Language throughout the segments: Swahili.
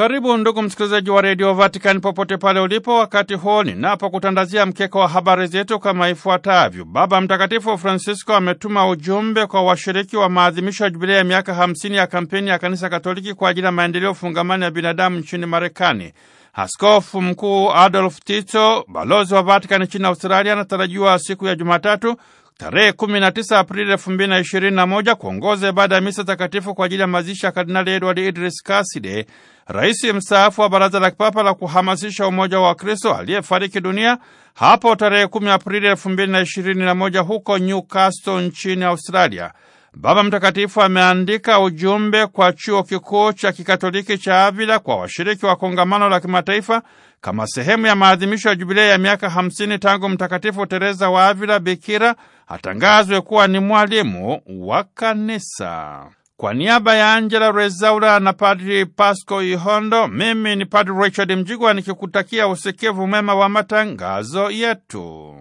Karibu ndugu msikilizaji wa redio Vatikani popote pale ulipo, wakati huo ninapokutandazia mkeka wa habari zetu kama ifuatavyo. Baba Mtakatifu Francisco ametuma ujumbe kwa washiriki wa maadhimisho ya jubilia ya miaka hamsini ya kampeni ya kanisa Katoliki kwa ajili ya maendeleo fungamani ya binadamu nchini Marekani. Askofu Mkuu Adolf Tito, balozi wa Vatikani nchini Australia, anatarajiwa siku ya Jumatatu tarehe 19 Aprili 2021 kuongoza ibada ya misa takatifu kwa ajili ya mazishi ya Kardinali Edward Idris Kaside, rais mstaafu wa Baraza la Kipapa la kuhamasisha umoja wa kristo aliyefariki dunia hapo tarehe 10 Aprili 2021 huko Newcastle nchini Australia. Baba Mtakatifu ameandika ujumbe kwa chuo kikuu cha kikatoliki cha Avila kwa washiriki wa kongamano la kimataifa kama sehemu ya maadhimisho ya jubilei ya miaka 50 tangu Mtakatifu Teresa wa Avila bikira atangazwe kuwa ni mwalimu wa kanisa. Kwa niaba ya Angela Rezaura na Padri Pasco Ihondo, mimi ni Padri Richard Mjigwa nikikutakia usikivu mwema wa matangazo yetu.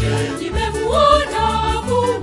nimemwona Mungu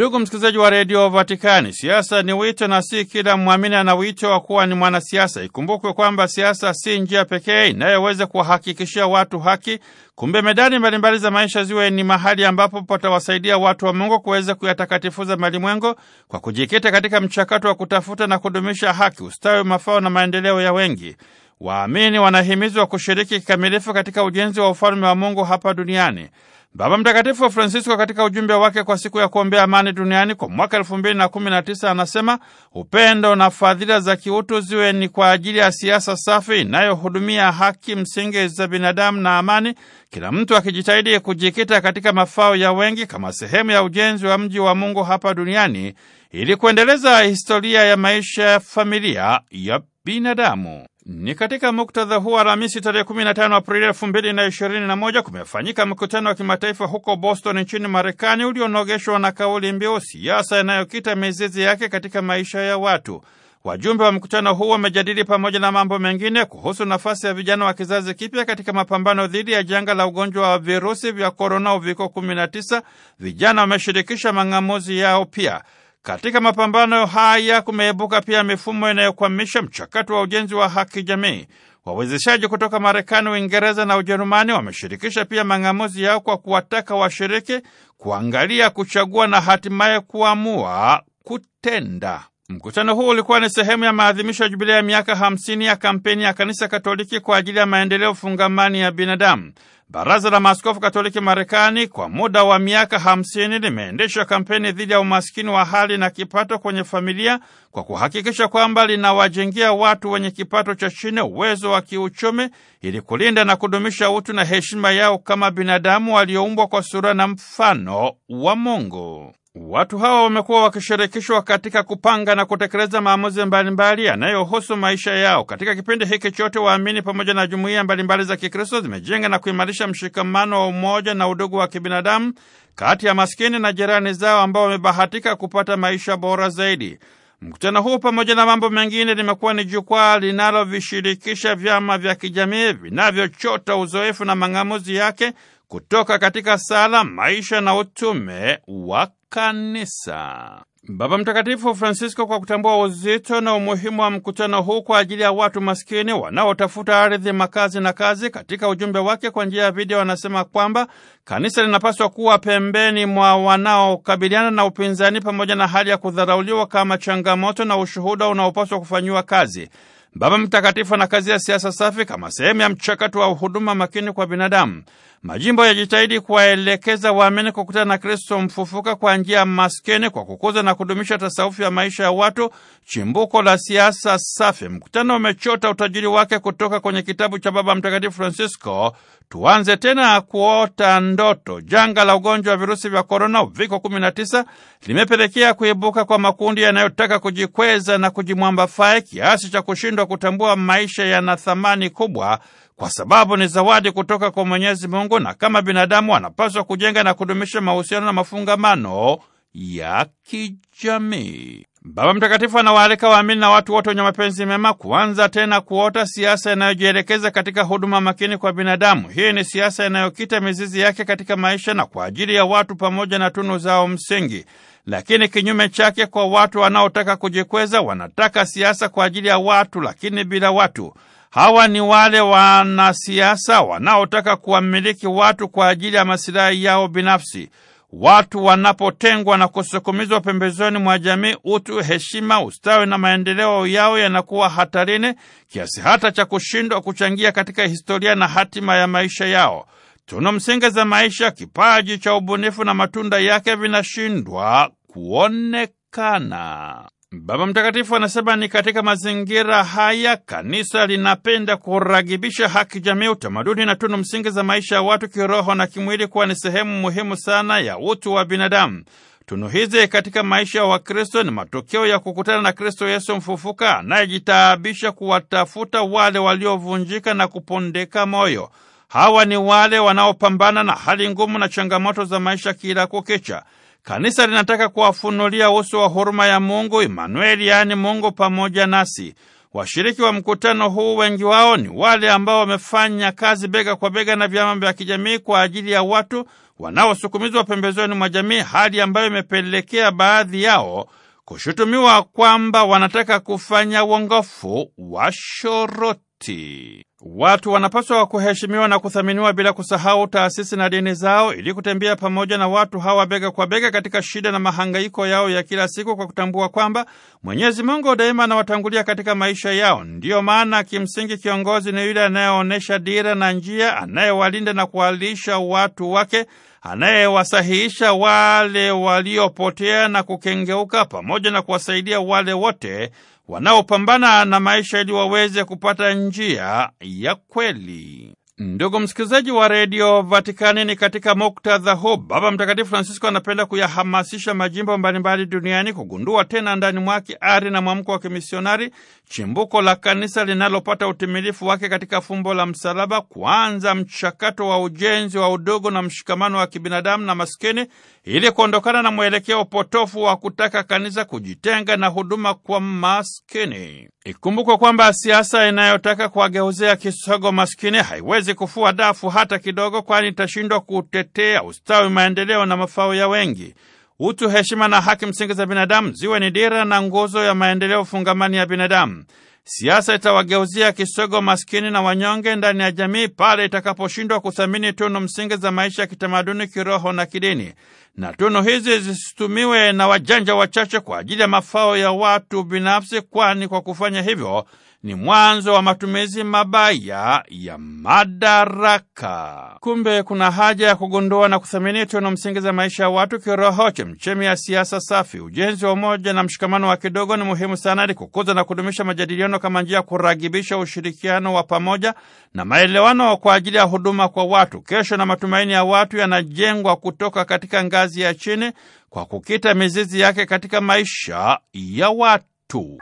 Ndugu msikilizaji wa redio Vatikani, siasa ni wito na si kila mwamini ana wito wa kuwa ni mwanasiasa. Ikumbukwe kwamba siasa si njia pekee inayoweza kuwahakikishia watu haki. Kumbe medani mbalimbali za maisha ziwe ni mahali ambapo patawasaidia watu wa Mungu kuweza kuyatakatifuza malimwengo kwa kujikita katika mchakato wa kutafuta na kudumisha haki, ustawi, mafao na maendeleo ya wengi. Waamini wanahimizwa kushiriki kikamilifu katika ujenzi wa ufalme wa Mungu hapa duniani. Baba Mtakatifu Francisco katika ujumbe wake kwa siku ya kuombea amani duniani kwa mwaka elfu mbili na kumi na tisa anasema upendo na fadhila za kiutu ziwe ni kwa ajili ya siasa safi inayohudumia haki msingi za binadamu na amani, kila mtu akijitahidi kujikita katika mafao ya wengi kama sehemu ya ujenzi wa mji wa Mungu hapa duniani ili kuendeleza historia ya maisha ya familia ya binadamu. Ni katika muktadha huu Alhamisi tarehe 15 Aprili 2021 kumefanyika mkutano wa kimataifa huko Boston nchini Marekani ulionogeshwa na kauli mbiu siasa inayokita mizizi yake katika maisha ya watu. Wajumbe wa mkutano huu wamejadili pamoja na mambo mengine kuhusu nafasi ya vijana wa kizazi kipya katika mapambano dhidi ya janga la ugonjwa wa virusi vya korona uviko 19. Vijana wameshirikisha mang'amuzi yao pia. Katika mapambano haya kumeibuka pia mifumo inayokwamisha mchakato wa ujenzi wa haki jamii. Wawezeshaji kutoka Marekani, Uingereza na Ujerumani wameshirikisha pia mang'amuzi yao kwa kuwataka washiriki kuangalia, kuchagua na hatimaye kuamua kutenda. Mkutano huu ulikuwa ni sehemu ya maadhimisho ya jubilia ya miaka hamsini ya kampeni ya Kanisa Katoliki kwa ajili ya maendeleo fungamani ya binadamu. Baraza la Maaskofu Katoliki Marekani kwa muda wa miaka hamsini limeendesha kampeni dhidi ya umaskini wa hali na kipato kwenye familia kwa kuhakikisha kwamba linawajengea watu wenye kipato cha chini uwezo wa kiuchumi ili kulinda na kudumisha utu na heshima yao kama binadamu walioumbwa kwa sura na mfano wa Mungu. Watu hawa wamekuwa wakishirikishwa katika kupanga na kutekeleza maamuzi mbalimbali yanayohusu maisha yao. Katika kipindi hiki chote, waamini pamoja na jumuiya mbalimbali za Kikristo zimejenga na kuimarisha mshikamano wa umoja na udugu wa kibinadamu kati ya maskini na jirani zao ambao wamebahatika kupata maisha bora zaidi. Mkutano huu pamoja na mambo mengine limekuwa ni jukwaa linalovishilikisha vyama vya kijamii vinavyochota uzoefu na mang'amuzi yake kutoka katika sala, maisha na utume wa kanisa. Baba Mtakatifu Francisco kwa kutambua uzito na umuhimu wa mkutano huu kwa ajili ya watu maskini wanaotafuta ardhi, makazi na kazi, katika ujumbe wake kwa njia ya video anasema kwamba kanisa linapaswa kuwa pembeni mwa wanaokabiliana na upinzani pamoja na hali ya kudharauliwa kama changamoto na ushuhuda unaopaswa kufanyiwa kazi. Baba Mtakatifu anakazia siasa safi kama sehemu ya mchakato wa huduma makini kwa binadamu. Majimbo yajitahidi kuwaelekeza waamini kukutana na Kristo mfufuka kwa njia maskini kwa kukuza na kudumisha tasaufu ya maisha ya watu, chimbuko la siasa safi. Mkutano umechota utajiri wake kutoka kwenye kitabu cha Baba Mtakatifu Francisco, tuanze tena kuota ndoto. Janga la ugonjwa wa virusi vya korona, uviko 19, limepelekea kuibuka kwa makundi yanayotaka kujikweza na kujimwamba fae kiasi cha kushindwa kutambua maisha yana thamani kubwa kwa sababu ni zawadi kutoka kwa Mwenyezi Mungu, na kama binadamu anapaswa kujenga na kudumisha mahusiano na mafungamano ya kijamii. Baba Mtakatifu anawaalika waamini na watu wote wenye mapenzi mema kuanza tena kuota siasa inayojielekeza katika huduma makini kwa binadamu. Hii ni siasa inayokita mizizi yake katika maisha na kwa ajili ya watu pamoja na tunu zao msingi. Lakini kinyume chake, kwa watu wanaotaka kujikweza, wanataka siasa kwa ajili ya watu, lakini bila watu. Hawa ni wale wanasiasa wanaotaka kuwamiliki watu kwa ajili ya masilahi yao binafsi. Watu wanapotengwa na kusukumizwa pembezoni mwa jamii, utu, heshima, ustawi na maendeleo yao yanakuwa hatarini kiasi hata cha kushindwa kuchangia katika historia na hatima ya maisha yao. tuno msingi za maisha, kipaji cha ubunifu na matunda yake vinashindwa kuonekana. Baba Mtakatifu anasema ni katika mazingira haya kanisa linapenda kuragibisha haki jamii, utamaduni na tunu msingi za maisha ya watu kiroho na kimwili kuwa ni sehemu muhimu sana ya utu wa binadamu. Tunu hizi katika maisha ya wa Wakristo ni matokeo ya kukutana na Kristo Yesu mfufuka anayejitaabisha kuwatafuta wale waliovunjika na kupondeka moyo. Hawa ni wale wanaopambana na hali ngumu na changamoto za maisha kila kukicha. Kanisa linataka kuwafunulia uso wa huruma ya Mungu Imanueli, yaani Mungu pamoja nasi. Washiriki wa mkutano huu wengi wao ni wale ambao wamefanya kazi bega kwa bega na vyama vya kijamii kwa ajili ya watu wanaosukumizwa pembezoni mwa jamii, hali ambayo imepelekea baadhi yao kushutumiwa kwamba wanataka kufanya uongofu wa shoroti tofauti. Watu wanapaswa kuheshimiwa na kuthaminiwa bila kusahau taasisi na dini zao, ili kutembea pamoja na watu hawa bega kwa bega katika shida na mahangaiko yao ya kila siku, kwa kutambua kwamba Mwenyezi Mungu daima anawatangulia katika maisha yao. Ndiyo maana kimsingi kiongozi ni yule anayeonyesha dira na njia, anayewalinda na kuwalisha watu wake, anayewasahihisha wale waliopotea na kukengeuka, pamoja na kuwasaidia wale wote wanaopambana na maisha ili waweze kupata njia ya kweli. Ndugu msikilizaji wa redio Vatikani, ni katika muktadha huu Baba Mtakatifu Francisco anapenda kuyahamasisha majimbo mbalimbali duniani kugundua tena ndani mwake ari na mwamko wa kimisionari, chimbuko la kanisa linalopata utimilifu wake katika fumbo la msalaba, kuanza mchakato wa ujenzi wa udugu na mshikamano wa kibinadamu na maskini, ili kuondokana na mwelekeo potofu wa kutaka kanisa kujitenga na huduma kwa maskini. Ikumbukwe kwamba siasa inayotaka kuwageuzea kisogo maskini haiwezi haiwezi kufua dafu hata kidogo, kwani itashindwa kutetea ustawi, maendeleo na mafao ya wengi. Utu, heshima na haki msingi za binadamu ziwe ni dira na nguzo ya maendeleo fungamani ya binadamu. Siasa itawageuzia kisogo maskini na wanyonge ndani ya jamii pale itakaposhindwa kuthamini tunu msingi za maisha ya kitamaduni, kiroho na kidini, na tunu hizi zisitumiwe na wajanja wachache kwa ajili ya mafao ya watu binafsi, kwani kwa kufanya hivyo ni mwanzo wa matumizi mabaya ya madaraka. Kumbe kuna haja ya kugundua na kuthamini tuno msingi za maisha ya watu kiroho, chemchemi ya siasa safi. Ujenzi wa umoja na mshikamano wa kidogo ni muhimu sana ili kukuza na kudumisha majadiliano kama njia ya kuragibisha ushirikiano wa pamoja na maelewano kwa ajili ya huduma kwa watu. Kesho na matumaini ya watu yanajengwa kutoka katika ngazi ya chini kwa kukita mizizi yake katika maisha ya watu.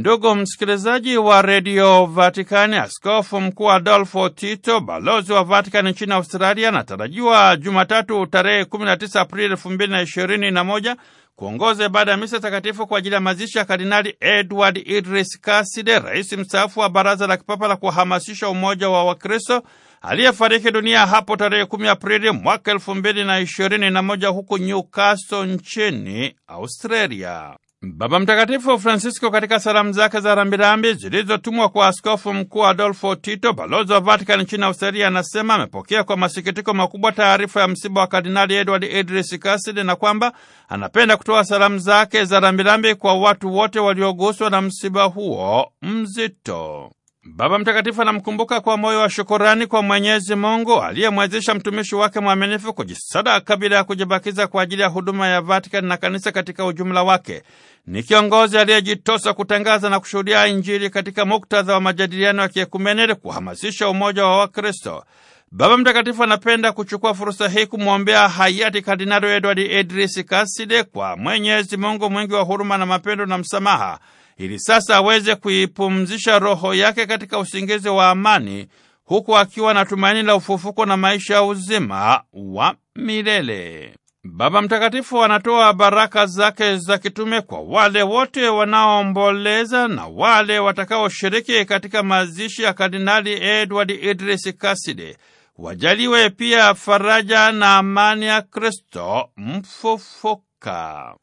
Ndugu msikilizaji wa redio Vatikani, askofu mkuu Adolfo Tito, balozi wa Vatikani nchini Australia, anatarajiwa Jumatatu tarehe 19 Aprili 2021 kuongoza ibada ya misa takatifu kwa ajili ya mazishi ya Kardinali Edward Idris Kaside, rais mstaafu wa Baraza la Kipapa la kuhamasisha umoja wa Wakristo aliyefariki dunia hapo tarehe 10 Aprili mwaka 2021 huku Newcastle nchini Australia. Baba Mtakatifu Francisco katika salamu zake za rambirambi zilizotumwa kwa askofu mkuu Adolfo Tito, balozi wa vatican nchini Australia, anasema amepokea kwa masikitiko makubwa taarifa ya msiba wa Kardinali Edward Idris Cassidy na kwamba anapenda kutoa salamu zake za rambirambi kwa watu wote walioguswa na msiba huo mzito. Baba Mtakatifu anamkumbuka kwa moyo wa shukurani kwa Mwenyezi Mungu aliyemwezesha mtumishi wake mwaminifu kujisadaka bila ya kujibakiza kwa ajili ya huduma ya Vatikani na kanisa katika ujumla wake. Ni kiongozi aliyejitosa kutangaza na kushuhudia Injili katika muktadha wa majadiliano ya kiekumenele kuhamasisha umoja wa Wakristo. Baba Mtakatifu anapenda kuchukua fursa hii kumwombea hayati Kardinali Edward edris kaside kwa Mwenyezi Mungu mwingi wa huruma na mapendo na msamaha ili sasa aweze kuipumzisha roho yake katika usingizi wa amani, huku akiwa na tumaini la ufufuko na maisha ya uzima wa milele. Baba Mtakatifu anatoa baraka zake za kitume kwa wale wote wanaoomboleza na wale watakaoshiriki katika mazishi ya Kardinali Edward Idris Kaside. Wajaliwe pia faraja na amani ya Kristo mfufuka.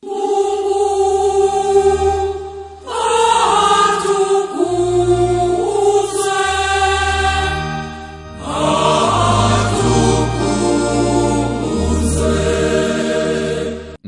祖国。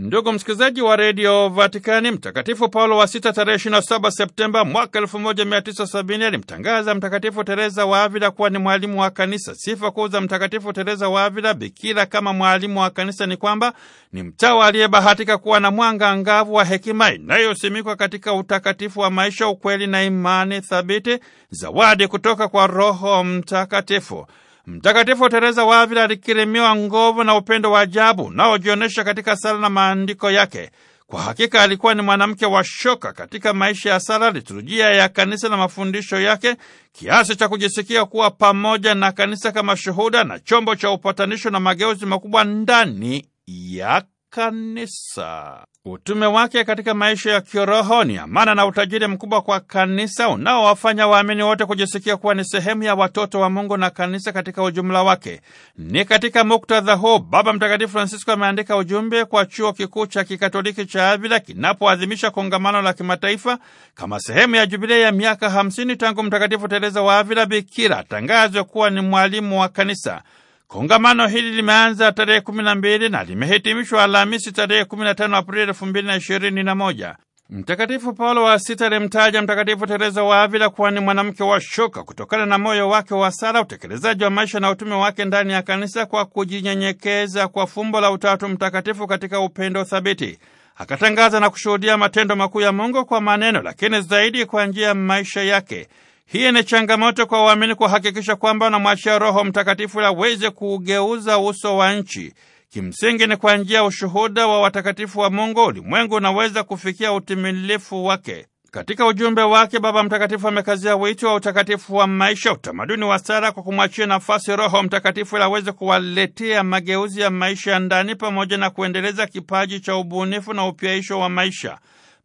Ndugu msikilizaji wa redio Vatikani, Mtakatifu Paulo wa Sita tarehe 27 Septemba mwaka 1970 alimtangaza Mtakatifu Tereza wa Avila kuwa ni mwalimu wa kanisa. Sifa kuu za Mtakatifu Tereza wa Avila bikira kama mwalimu wa kanisa ni kwamba ni mtawa aliyebahatika kuwa na mwanga angavu wa hekima inayosimikwa katika utakatifu wa maisha, ukweli na imani thabiti, zawadi kutoka kwa Roho Mtakatifu. Mtakatifu Tereza wa Avila alikirimiwa nguvu na upendo wa ajabu unaojionyesha katika sala na maandiko yake. Kwa hakika alikuwa ni mwanamke wa shoka katika maisha ya sala, liturujia ya kanisa na mafundisho yake, kiasi cha kujisikia kuwa pamoja na kanisa kama shuhuda na chombo cha upatanisho na mageuzi makubwa ndani ya kanisa. Utume wake katika maisha ya kiroho ni amana na utajiri mkubwa kwa kanisa unaowafanya waamini wote kujisikia kuwa ni sehemu ya watoto wa Mungu na kanisa katika ujumla wake. Ni katika muktadha huu Baba Mtakatifu Francisco ameandika ujumbe kwa Chuo Kikuu cha Kikatoliki cha Avila kinapoadhimisha kongamano la kimataifa kama sehemu ya jubilei ya miaka hamsini tangu Mtakatifu Tereza wa Avila bikira atangazwe kuwa ni mwalimu wa kanisa. Kongamano hili limeanza tarehe 12 na na limehitimishwa Alhamisi tarehe 15 Aprili 2021. Mtakatifu Paulo wa Sita alimtaja Mtakatifu Teresa wa Avila kuwa ni mwanamke wa shoka kutokana na moyo wake wa sala, utekelezaji wa maisha na utume wake ndani ya kanisa kwa kujinyenyekeza kwa fumbo la Utatu Mtakatifu katika upendo thabiti. Akatangaza na kushuhudia matendo makuu ya Mungu kwa maneno, lakini zaidi kwa njia ya maisha yake. Hii ni changamoto kwa waamini kuhakikisha kwamba wanamwachia Roho Mtakatifu aweze kuugeuza uso wa nchi. Kimsingi ni kwa njia ya ushuhuda wa watakatifu wa Mungu ulimwengu unaweza kufikia utimilifu wake. Katika ujumbe wake, Baba Mtakatifu amekazia wito wa utakatifu wa maisha, utamaduni wa sara, kwa kumwachia nafasi Roho Mtakatifu ili aweze kuwaletea mageuzi ya maisha ya ndani, pamoja na kuendeleza kipaji cha ubunifu na upyaisho wa maisha.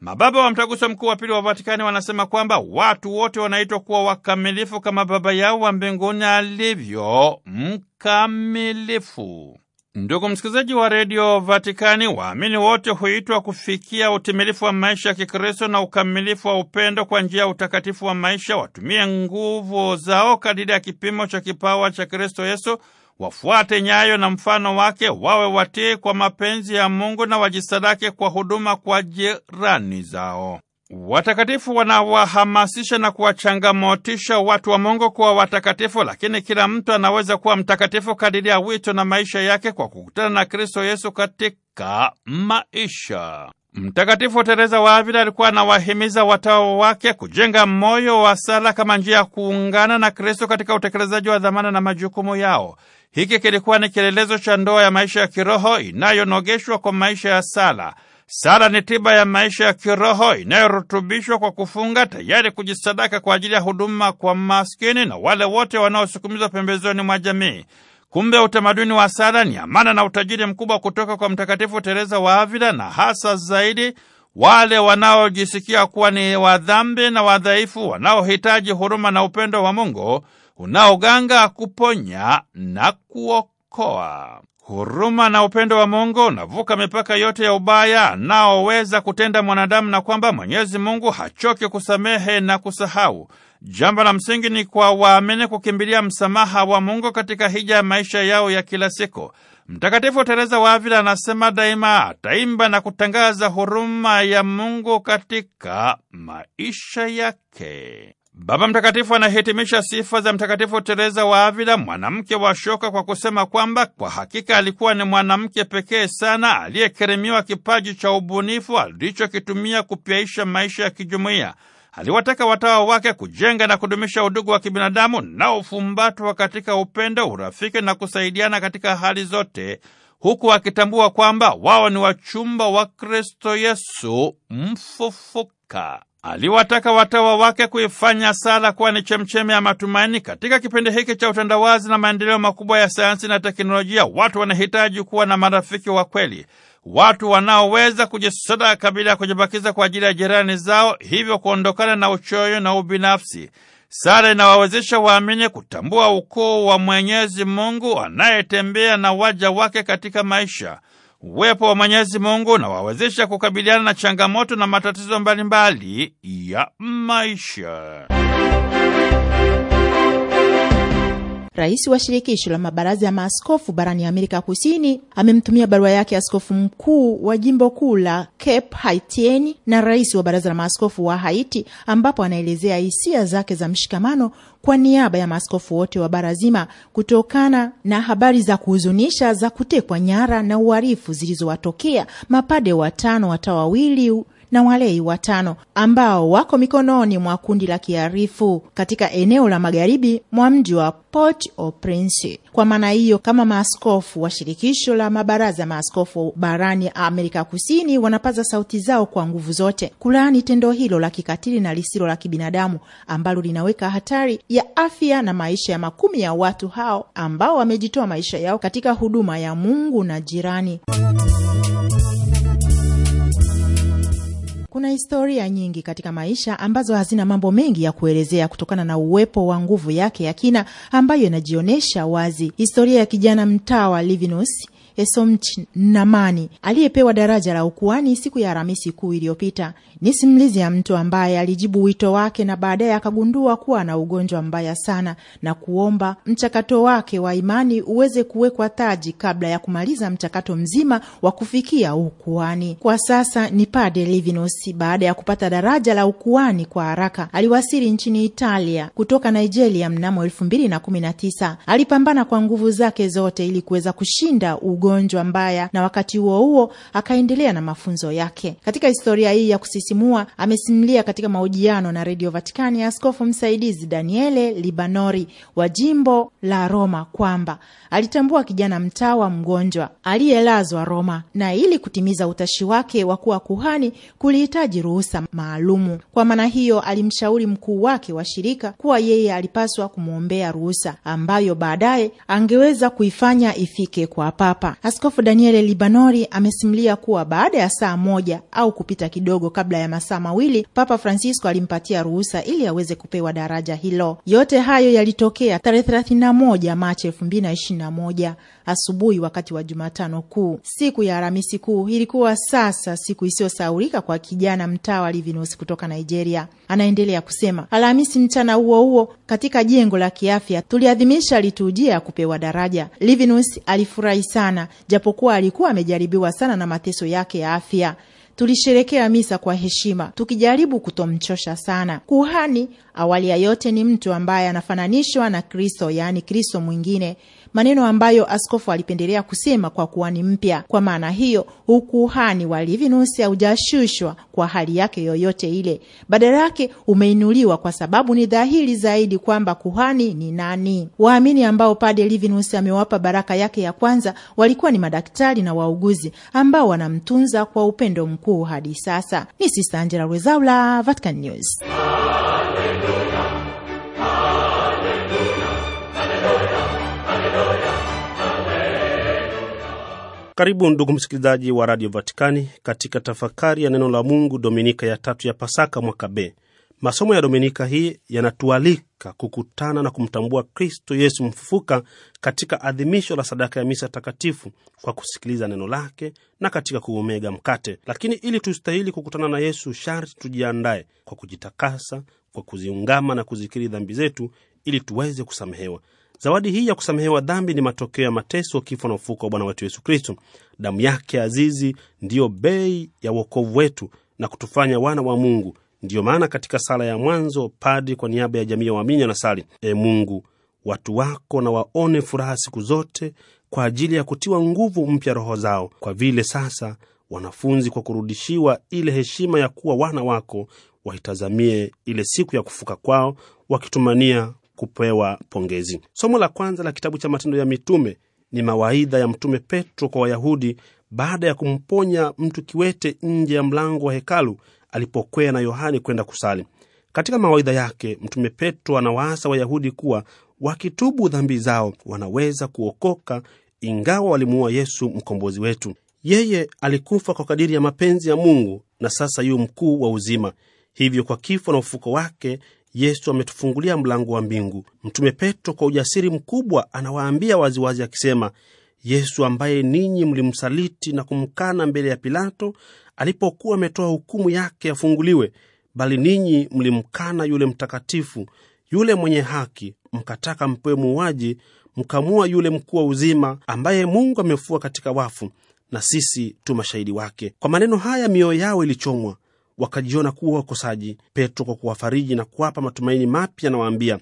Mababa wa Mtaguso Mkuu wa Pili wa Vatikani wanasema kwamba watu wote wanaitwa kuwa wakamilifu kama Baba yao wa mbinguni alivyo mkamilifu. Ndugu msikilizaji wa redio Vatikani, waamini wote huitwa kufikia utimilifu wa maisha ya Kikristo na ukamilifu wa upendo kwa njia ya utakatifu wa maisha. Watumie nguvu zao kadiri ya kipimo cha kipawa cha Kristo Yesu wafuate nyayo na mfano wake, wawe watii kwa mapenzi ya Mungu na wajisadake kwa huduma kwa jirani zao. Watakatifu wanawahamasisha na kuwachangamotisha watu wa Mungu kuwa watakatifu, lakini kila mtu anaweza kuwa mtakatifu kadiri ya wito na maisha yake kwa kukutana na Kristo Yesu katika maisha. Mtakatifu tereza wa Avila alikuwa anawahimiza watao wake kujenga moyo wa sala kama njia ya kuungana na Kristo katika utekelezaji wa dhamana na majukumu yao. Hiki kilikuwa ni kielelezo cha ndoa ya maisha ya kiroho inayonogeshwa kwa maisha ya sala. Sala ni tiba ya maisha ya kiroho inayorutubishwa kwa kufunga, tayari kujisadaka kwa ajili ya huduma kwa maskini na wale wote wanaosukumizwa pembezoni mwa jamii. Kumbe utamaduni wa sala ni amana na utajiri mkubwa kutoka kwa Mtakatifu Teresa wa Avila, na hasa zaidi wale wanaojisikia kuwa ni wadhambi na wadhaifu, wanaohitaji huruma na upendo wa Mungu unaoganga kuponya na kuokoa. Huruma na upendo wa Mungu unavuka mipaka yote ya ubaya anaoweza kutenda mwanadamu, na kwamba Mwenyezi Mungu hachoki kusamehe na kusahau. Jambo la msingi ni kwa waamini kukimbilia msamaha wa Mungu katika hija ya maisha yao ya kila siku. Mtakatifu Teresa wa Avila anasema daima ataimba na kutangaza huruma ya Mungu katika maisha yake. Baba Mtakatifu anahitimisha sifa za Mtakatifu Teresa wa Avila, mwanamke wa shoka, kwa kusema kwamba kwa hakika alikuwa ni mwanamke pekee sana aliyekeremiwa kipaji cha ubunifu alichokitumia kupyaisha maisha ya kijumuiya aliwataka watawa wake kujenga na kudumisha udugu wa kibinadamu na ufumbatwa katika upendo, urafiki na kusaidiana katika hali zote, huku akitambua kwamba wao ni wachumba wa Kristo Yesu mfufuka. Aliwataka watawa wake kuifanya sala kuwa ni chemchemi ya matumaini. Katika kipindi hiki cha utandawazi na maendeleo makubwa ya sayansi na teknolojia, watu wanahitaji kuwa na marafiki wa kweli watu wanaoweza kujisadaka bila kujibakiza kwa ajili ya jirani zao, hivyo kuondokana na uchoyo na ubinafsi. Sala inawawezesha waamini kutambua ukuu wa Mwenyezi Mungu anayetembea na waja wake katika maisha. Uwepo wa Mwenyezi Mungu unawawezesha kukabiliana na changamoto na matatizo mbalimbali mbali ya maisha. rais wa shirikisho la mabaraza ya maaskofu barani Amerika Kusini amemtumia barua yake askofu mkuu wa jimbo kuu la Cape Haitien na rais wa baraza la maaskofu wa Haiti, ambapo anaelezea hisia zake za mshikamano kwa niaba ya maaskofu wote wa bara zima kutokana na habari za kuhuzunisha za kutekwa nyara na uharifu zilizowatokea mapade watano watawawili na walei watano ambao wako mikononi mwa kundi la kiharifu katika eneo la magharibi mwa mji wa Port-au-Prince. Kwa maana hiyo, kama maaskofu wa shirikisho la mabaraza ya maaskofu barani Amerika Kusini wanapaza sauti zao kwa nguvu zote kulaani tendo hilo la kikatili na lisilo la kibinadamu ambalo linaweka hatari ya afya na maisha ya makumi ya watu hao ambao wamejitoa maisha yao katika huduma ya Mungu na jirani. Kuna historia nyingi katika maisha ambazo hazina mambo mengi ya kuelezea kutokana na uwepo wa nguvu yake ya kina ambayo inajionyesha wazi. Historia ya kijana mtawa Livinus Esomch Namani aliyepewa daraja la ukuani siku ya Aramisi kuu iliyopita. Ni simulizi ya mtu ambaye alijibu wito wake na baadaye akagundua kuwa ana ugonjwa mbaya sana na kuomba mchakato wake wa imani uweze kuwekwa taji kabla ya kumaliza mchakato mzima wa kufikia ukuani. Kwa sasa ni Pade Livinos, baada ya kupata daraja la ukuani kwa haraka, aliwasili nchini Italia kutoka Nigeria mnamo elfu mbili na kumi na tisa. Alipambana kwa nguvu zake zote ili kuweza kushinda ugonjwa ugonjwa mbaya, na wakati huo huo akaendelea na mafunzo yake. Katika historia hii ya kusisimua, amesimulia katika mahojiano na redio Vatikani ya askofu msaidizi Daniele Libanori wa jimbo la Roma kwamba alitambua kijana mtawa mgonjwa aliyelazwa Roma, na ili kutimiza utashi wake wa kuwa kuhani kulihitaji ruhusa maalumu. Kwa maana hiyo, alimshauri mkuu wake wa shirika kuwa yeye alipaswa kumwombea ruhusa ambayo baadaye angeweza kuifanya ifike kwa Papa. Askofu daniele Libanori amesimulia kuwa baada ya saa moja au kupita kidogo kabla ya masaa mawili, Papa Francisco alimpatia ruhusa ili aweze kupewa daraja hilo. Yote hayo yalitokea tarehe 31 Machi 2021 asubuhi, wakati wa Jumatano Kuu. Siku ya Alhamisi Kuu ilikuwa sasa siku isiyosaurika kwa kijana mtawa Livinus kutoka Nigeria. Anaendelea kusema, Alhamisi mchana huo huo katika jengo la kiafya tuliadhimisha liturujia ya kupewa daraja. Livinus alifurahi sana japokuwa alikuwa amejaribiwa sana na mateso yake ya afya. Tulisherekea misa kwa heshima, tukijaribu kutomchosha sana. Kuhani awali ya yote ni mtu ambaye anafananishwa na Kristo, yaani Kristo mwingine maneno ambayo askofu alipendelea kusema kwa kuhani mpya. Kwa maana hiyo, ukuhani wa Livinus haujashushwa kwa hali yake yoyote ile, badala yake umeinuliwa, kwa sababu ni dhahiri zaidi kwamba kuhani ni nani. Waamini ambao Pade Livinus amewapa baraka yake ya kwanza walikuwa ni madaktari na wauguzi ambao wanamtunza kwa upendo mkuu hadi sasa. Ni Sista Angela Rwezaula, Vatican News. Karibu ndugu msikilizaji wa Radio Vatikani katika tafakari ya neno la Mungu Dominika ya tatu ya Pasaka mwaka B. Masomo ya Dominika hii yanatualika kukutana na kumtambua Kristo Yesu mfufuka katika adhimisho la sadaka ya misa takatifu kwa kusikiliza neno lake na katika kuumega mkate. Lakini ili tustahili kukutana na Yesu, sharti tujiandae kwa kujitakasa, kwa kuziungama na kuzikiri dhambi zetu ili tuweze kusamehewa. Zawadi hii ya kusamehewa dhambi ni matokeo ya mateso, kifo na ufuko wa Bwana wetu Yesu Kristo. Damu yake azizi ndiyo bei ya uokovu wetu na kutufanya wana wa Mungu. Ndiyo maana katika sala ya mwanzo, padri kwa niaba ya jamii ya waamini anasali: E Mungu, watu wako na waone furaha siku zote kwa ajili ya kutiwa nguvu mpya roho zao, kwa vile sasa wanafunzi kwa kurudishiwa ile heshima ya kuwa wana wako, waitazamie ile siku ya kufuka kwao, wakitumania kupewa pongezi. Somo la kwanza la kitabu cha Matendo ya Mitume ni mawaidha ya Mtume Petro kwa Wayahudi baada ya kumponya mtu kiwete nje ya mlango wa hekalu alipokwea na Yohani kwenda kusali. Katika mawaidha yake, Mtume Petro anawaasa Wayahudi kuwa wakitubu dhambi zao wanaweza kuokoka, ingawa walimuua Yesu mkombozi wetu. Yeye alikufa kwa kadiri ya mapenzi ya Mungu na sasa yu mkuu wa uzima. Hivyo, kwa kifo na ufuko wake Yesu ametufungulia mlango wa mbingu. Mtume Petro kwa ujasiri mkubwa anawaambia waziwazi akisema, Yesu ambaye ninyi mlimsaliti na kumkana mbele ya Pilato alipokuwa ametoa hukumu yake yafunguliwe bali ninyi mlimkana yule mtakatifu, yule mwenye haki, mkataka mpewe muuaji, mkamua yule mkuu wa uzima, ambaye Mungu amefua katika wafu, na sisi tu mashahidi wake. Kwa maneno haya mioyo yao ilichomwa, wakajiona kuwa wakosaji. Petro kwa kuwafariji na kuwapa matumaini mapya nawaambia,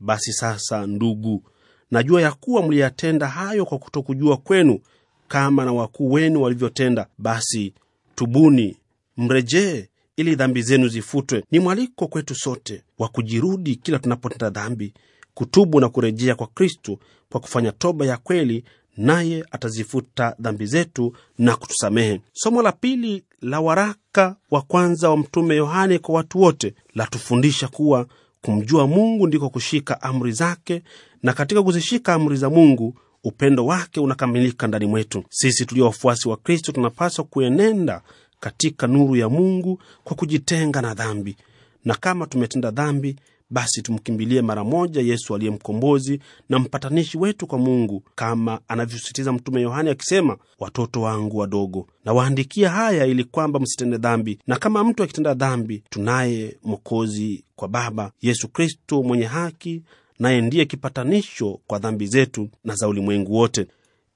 basi sasa ndugu, najua ya kuwa mliyatenda hayo kwa kutokujua kwenu, kama na wakuu wenu walivyotenda. Basi tubuni, mrejee ili dhambi zenu zifutwe. Ni mwaliko kwetu sote wa kujirudi kila tunapotenda dhambi, kutubu na kurejea kwa Kristu kwa kufanya toba ya kweli naye atazifuta dhambi zetu na kutusamehe. Somo la pili la waraka wa kwanza wa Mtume Yohane kwa watu wote latufundisha kuwa kumjua Mungu ndiko kushika amri zake, na katika kuzishika amri za Mungu upendo wake unakamilika ndani mwetu. Sisi tulio wafuasi wa Kristo tunapaswa kuenenda katika nuru ya Mungu kwa kujitenga na dhambi, na kama tumetenda dhambi basi tumkimbilie mara moja Yesu aliye mkombozi na mpatanishi wetu kwa Mungu, kama anavyosisitiza Mtume Yohane akisema, watoto wangu wadogo, nawaandikia haya ili kwamba msitende dhambi, na kama mtu akitenda dhambi, tunaye mokozi kwa Baba, Yesu Kristo mwenye haki, naye ndiye kipatanisho kwa dhambi zetu na za ulimwengu wote.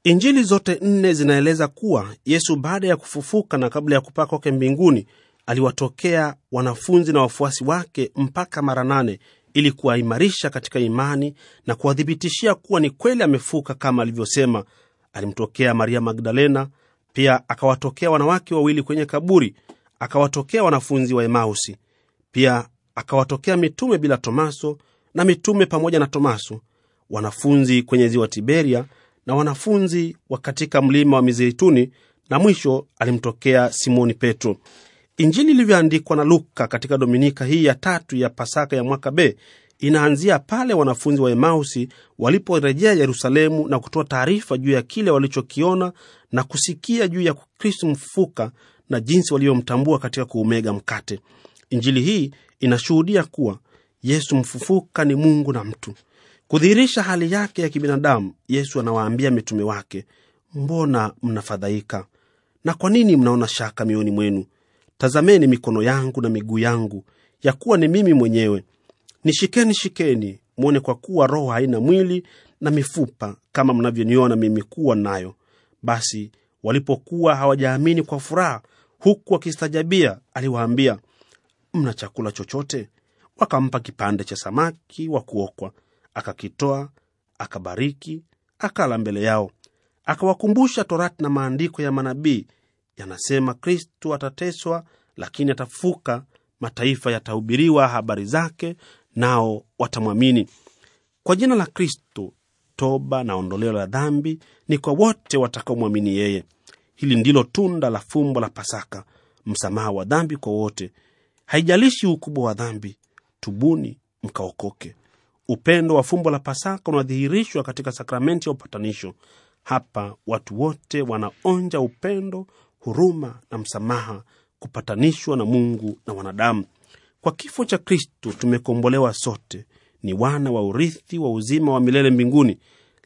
Injili zote nne zinaeleza kuwa Yesu baada ya kufufuka na kabla ya kupaa kwake mbinguni aliwatokea wanafunzi na wafuasi wake mpaka mara nane ili kuwaimarisha katika imani na kuwathibitishia kuwa ni kweli amefuka kama alivyosema. Alimtokea Maria Magdalena, pia akawatokea wanawake wawili kwenye kaburi, akawatokea wanafunzi wa Emausi, pia akawatokea mitume bila Tomaso na mitume pamoja na Tomaso, wanafunzi kwenye ziwa Tiberia na wanafunzi wa katika mlima wa Mizeituni, na mwisho alimtokea Simoni Petro. Injili ilivyoandikwa na Luka katika dominika hii ya tatu ya Pasaka ya mwaka B inaanzia pale wanafunzi wa Emausi waliporejea Yerusalemu na kutoa taarifa juu ya kile walichokiona na kusikia juu ya Kristu mfufuka na jinsi walivyomtambua katika kuumega mkate. Injili hii inashuhudia kuwa Yesu mfufuka ni Mungu na mtu. Kudhihirisha hali yake ya kibinadamu, Yesu anawaambia mitume wake, mbona mnafadhaika na kwa nini mnaona shaka mioyoni mwenu? tazameni mikono yangu na miguu yangu ya kuwa ni mimi mwenyewe nishikeni shikeni mwone kwa kuwa roho haina mwili na mifupa kama mnavyoniona mimi kuwa nayo basi walipokuwa hawajaamini kwa furaha huku wakistajabia aliwaambia mna chakula chochote wakampa kipande cha samaki wa kuokwa akakitoa akabariki akala mbele yao akawakumbusha torati na maandiko ya manabii yanasema Kristu atateswa, lakini atafuka, mataifa yatahubiriwa habari zake, nao watamwamini. Kwa jina la Kristu toba na ondoleo la dhambi ni kwa wote watakaomwamini yeye. Hili ndilo tunda la fumbo la Pasaka, msamaha wa dhambi kwa wote. Haijalishi ukubwa wa dhambi, tubuni mkaokoke. Upendo wa fumbo la Pasaka unadhihirishwa katika sakramenti ya upatanisho. Hapa watu wote wanaonja upendo huruma na msamaha, kupatanishwa na Mungu na wanadamu. Kwa kifo cha Kristo tumekombolewa sote, ni wana wa urithi wa uzima wa milele mbinguni.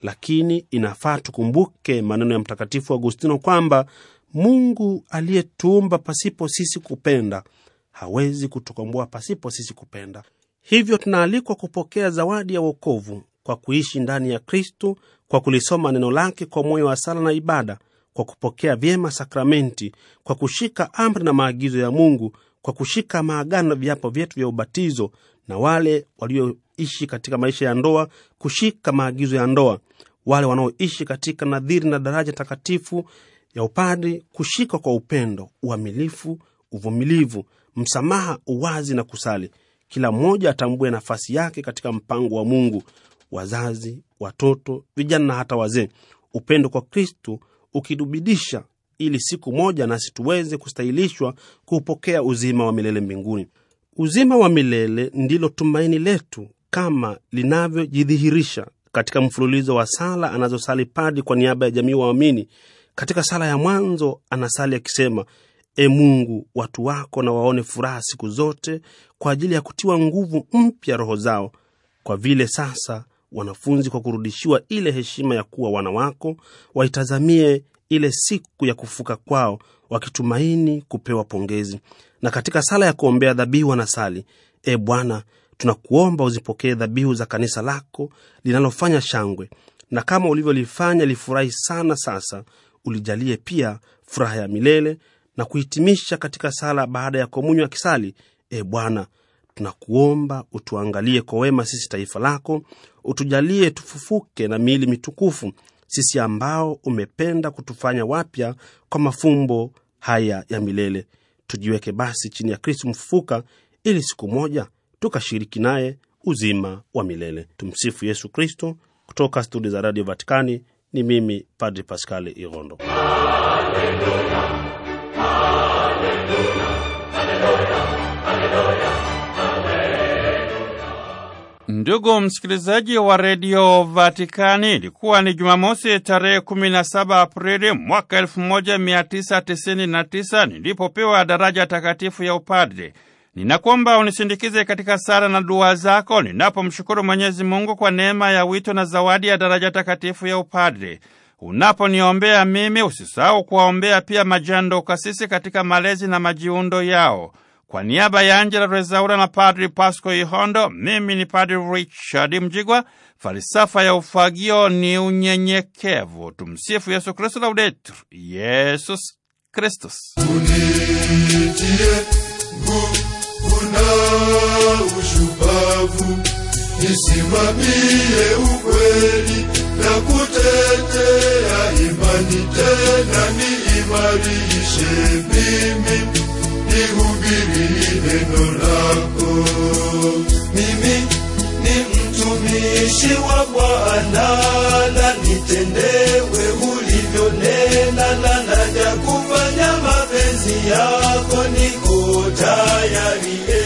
Lakini inafaa tukumbuke maneno ya Mtakatifu Agustino kwamba Mungu aliyetuumba pasipo sisi kupenda hawezi kutukomboa pasipo sisi kupenda. Hivyo tunaalikwa kupokea zawadi ya wokovu kwa kuishi ndani ya kristu kwa kulisoma neno lake kwa moyo wa sala na ibada, kwa kupokea vyema sakramenti, kwa kushika amri na maagizo ya Mungu, kwa kushika maagano na viapo vyetu vya ubatizo, na wale walioishi katika maisha ya ndoa kushika maagizo ya ndoa, wale wanaoishi katika nadhiri na daraja takatifu ya upadri kushika kwa upendo, uamilifu, uvumilivu, msamaha, uwazi na kusali. Kila mmoja atambue nafasi yake katika mpango wa Mungu: wazazi, watoto, vijana na hata wazee. Upendo kwa Kristu ukidubidisha, ili siku moja nasi tuweze kustahilishwa kuupokea uzima wa milele mbinguni. Uzima wa milele ndilo tumaini letu kama linavyojidhihirisha katika mfululizo wa sala anazosali padi kwa niaba ya jamii waamini. Katika sala ya mwanzo anasali akisema: E Mungu, watu wako na waone furaha siku zote, kwa ajili ya kutiwa nguvu mpya roho zao, kwa vile sasa wanafunzi kwa kurudishiwa ile heshima ya kuwa wana wako, waitazamie ile siku ya kufuka kwao wakitumaini kupewa pongezi. Na katika sala ya kuombea dhabihu wanasali: E Bwana, tunakuomba uzipokee dhabihu za kanisa lako linalofanya shangwe, na kama ulivyolifanya lifurahi sana, sasa ulijalie pia furaha ya milele. Na kuhitimisha katika sala baada ya komunywa akisali: E Bwana, tunakuomba utuangalie kwa wema sisi taifa lako, utujalie tufufuke na miili mitukufu sisi ambao umependa kutufanya wapya kwa mafumbo haya ya milele. Tujiweke basi chini ya Kristu mfufuka, ili siku moja tukashiriki naye uzima wa milele. Tumsifu Yesu Kristo. Kutoka studio za Radio Vatikani ni mimi Padri Paskali Irondo. Haleluya. Ndugu msikilizaji wa redio Vatikani, ilikuwa ni Jumamosi tarehe 17 Aprili mwaka 1999 nilipopewa daraja takatifu ya upadre. Ninakuomba unisindikize katika sala na dua zako ninapomshukuru Mwenyezi Mungu kwa neema ya wito na zawadi ya daraja takatifu ya upadre. Unaponiombea mimi, usisahau kuwaombea pia majando kasisi katika malezi na majiundo yao. Kwa niaba ya Angela Rezaura na Padri Pasco Ihondo, mimi ni Padri Richard Mjigwa. Falsafa ya ufagio ni unyenyekevu. Tumsifu Yesu Kristu, Laudetur Yesus Kristus. Unitie nguvu na ushupavu, nisimamie ukweli na kutetea imani, tena niimarishe mimi nilihubiri neno lako. Mimi ni mtumishi wa Bwana, na nitendewe ulivyonena, na naja kufanya mapenzi yako, niko tayari.